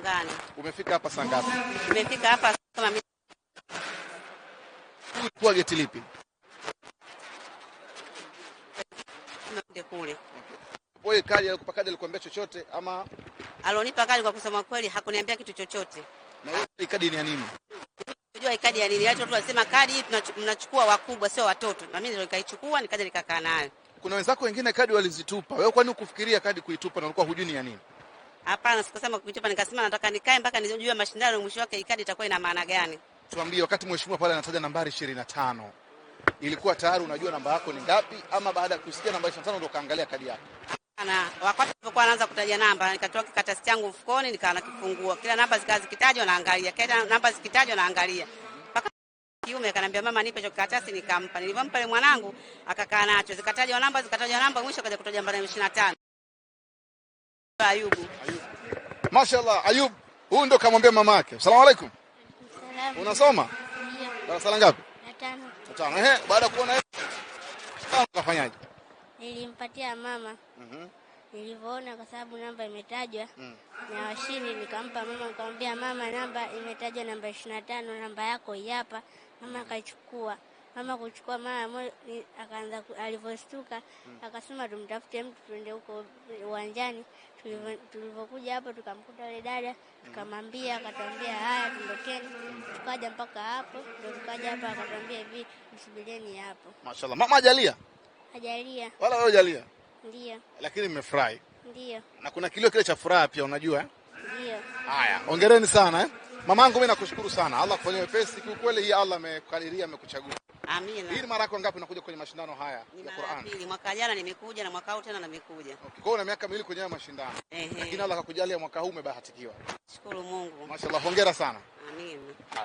Mungano. Umefika hapa saa ngapi? Nimefika hapa kama mimi. Kwa geti lipi? Ndio kule. Wewe kali alikupa kadi alikwambia chochote ama? alionipa kadi kwa kusema kweli hakuniambia kitu chochote. Na hiyo kadi ni ya nini? Unajua kadi ya nini? Hata yaani Watu wanasema kadi hii tunachukua wakubwa sio watoto. Na mimi ndio nikaichukua nikaja nikakaa nayo. Kuna wenzako wengine kadi walizitupa. Wewe kwani ukufikiria kadi kuitupa na ulikuwa hujui ni ya nini? Hapana, sikusema kuitupa, nikasema nataka nikae mpaka nijue mashindano mwisho wake ikadi itakuwa ina maana gani. Tuambie, wakati mheshimiwa pale anataja nambari 25 ilikuwa tayari unajua namba yako ni ngapi, ama baada ya kusikia namba 25 ndio kaangalia kadi yako? Hapana, wakati nilipokuwa anaanza kutaja namba, nikatoa kikatasi changu mfukoni, nikawa nakifungua kila namba zikazikitajwa, naangalia kila namba zikitajwa, naangalia kiume akanambia, mama nipe hicho kikatasi. Nikampa, nilivyompa ile mwanangu akakaa nacho, zikatajwa namba, zikatajwa namba, mwisho akaja kutaja namba 25. Ayubu. Mashallah, Ayub huyu ndio kamwambia mama yake. Asalamu alaykum. Unasoma? Darasa ngapi? La 5. La tano. Eh, baada kuona yeye kafanyaje? Nilimpatia mama. Mhm. Nilivyoona kwa sababu namba imetajwa Mhm. na washini nikampa mama, nikamwambia mama, namba imetajwa namba 25, namba yako hii hapa. Mama akaichukua mama kuchukua mara akaanza, alivyoshtuka mm. akasema tumtafute mtu tuende huko uwanjani. Tulivyokuja hapo tukamkuta yule dada, tukamwambia, akatwambia haya, tondokeni. Mm. Tukaja mpaka hapo ndio tukaja hapa, akatwambia hivi, msubirieni hapo. Mashaallah, mama ajalia ajalia wala wewe hajalia? Ndio, lakini mmefurahi? Ndio, na kuna kilio kile cha furaha pia, unajua eh? Ndio. Haya, hongereni sana eh? Mamangu, mimi nakushukuru sana, Allah kufanyia wepesi. Kiukweli hii Allah amekukadiria, amekuchagua. Amina. Hii ni mara yako ngapi unakuja kwenye mashindano haya ya Qur'an? Ni mwaka jana nimekuja na mwaka huu tena nimekuja. Okay. Kwa hiyo una miaka miwili kwenye mashindano. Ehe. Lakini Allah akakujalia mwaka huu umebahatikiwa. Shukuru Mungu. Mashaallah, hongera sana. Amina.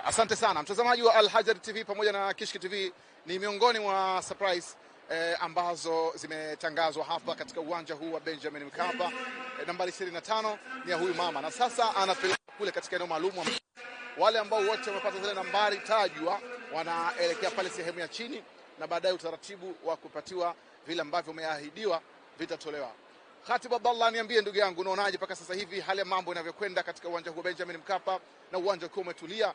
Asante sana mtazamaji wa Al Hajar TV pamoja na Kishki TV ni miongoni mwa surprise eh, ambazo zimetangazwa hapa katika uwanja huu wa Benjamin Mkapa eh, nambari 25 ni ya huyu mama na sasa anapeleka kule katika eneo maalum wale ambao wote wamepata zile nambari tajwa wanaelekea pale sehemu ya chini, na baadaye utaratibu wa kupatiwa vile ambavyo umeahidiwa vitatolewa. Khatibu Abdallah, niambie ndugu yangu, unaonaje mpaka sasa hivi hali ya mambo inavyokwenda katika uwanja huu Benjamin Mkapa na uwanja ukiwa umetulia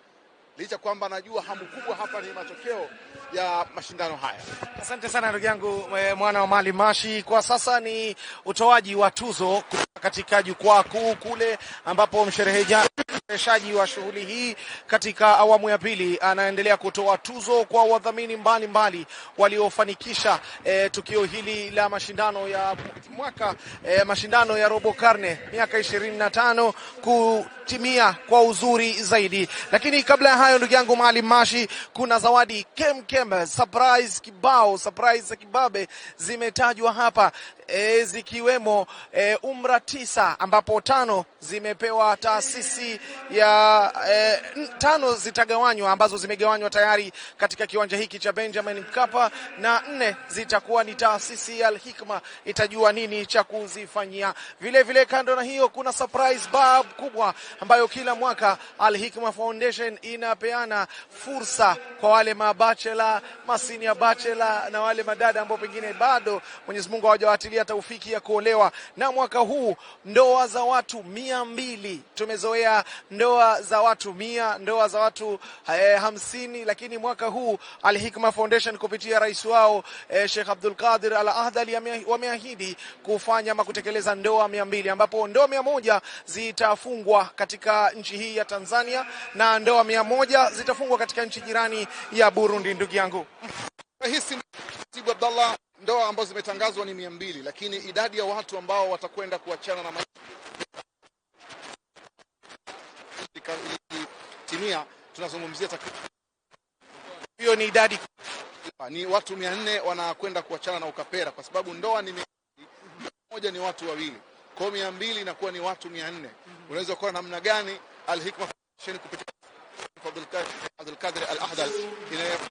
licha kwamba najua hamu kubwa hapa ni matokeo ya mashindano haya. Asante sana ndugu yangu eh, mwana wa Mali Mashi. Kwa sasa ni utoaji wa tuzo katika jukwaa kuu kule ambapo msherehejana eshaji wa shughuli hii katika awamu ya pili anaendelea kutoa tuzo kwa wadhamini mbalimbali waliofanikisha e, tukio hili la mashindano ya mwaka e, mashindano ya robo karne miaka ishirini na tano kutimia kwa uzuri zaidi. Lakini kabla ya hayo, ndugu yangu Maalim Mashi, kuna zawadi kem kem, surprise kibao, surprise za kibabe zimetajwa hapa e, zikiwemo e, umra tisa ambapo tano zimepewa taasisi ya e, tano zitagawanywa ambazo zimegawanywa tayari katika kiwanja hiki cha Benjamin Mkapa, na nne zitakuwa ni taasisi ya Alhikma itajua nini cha kuzifanyia. Vile vile kando na hiyo, kuna surprise bab kubwa ambayo kila mwaka Alhikma Foundation inapeana fursa kwa wale mabachela masini ya bachela na wale madada ambao pengine bado Mwenyezi Mungu hawajawatilia tumejalia taufiki ya kuolewa, na mwaka huu ndoa za watu mia mbili. Tumezoea ndoa za watu mia, ndoa za watu eh, hamsini, lakini mwaka huu Al Hikma Foundation kupitia rais wao eh, Sheikh Abdul Qadir Al Ahdali wameahidi kufanya ama kutekeleza ndoa mia mbili ambapo ndoa mia moja zitafungwa katika nchi hii ya Tanzania na ndoa mia moja zitafungwa katika nchi jirani ya Burundi. Ndugu yangu Abdallah ndoa ambazo zimetangazwa ni mia mbili, lakini idadi ya watu ambao watakwenda kuachana na maisha ilitimia, tunazungumzia takriban hiyo ni idadi ni watu mia nne wanakwenda kuachana na ukapera, kwa sababu ndoa ni moja ni watu wawili, kwa mia mbili inakuwa ni watu mia nne Unaweza kuwa namna gani? Alhikma Foundation kupitia Abdul Al Ahdal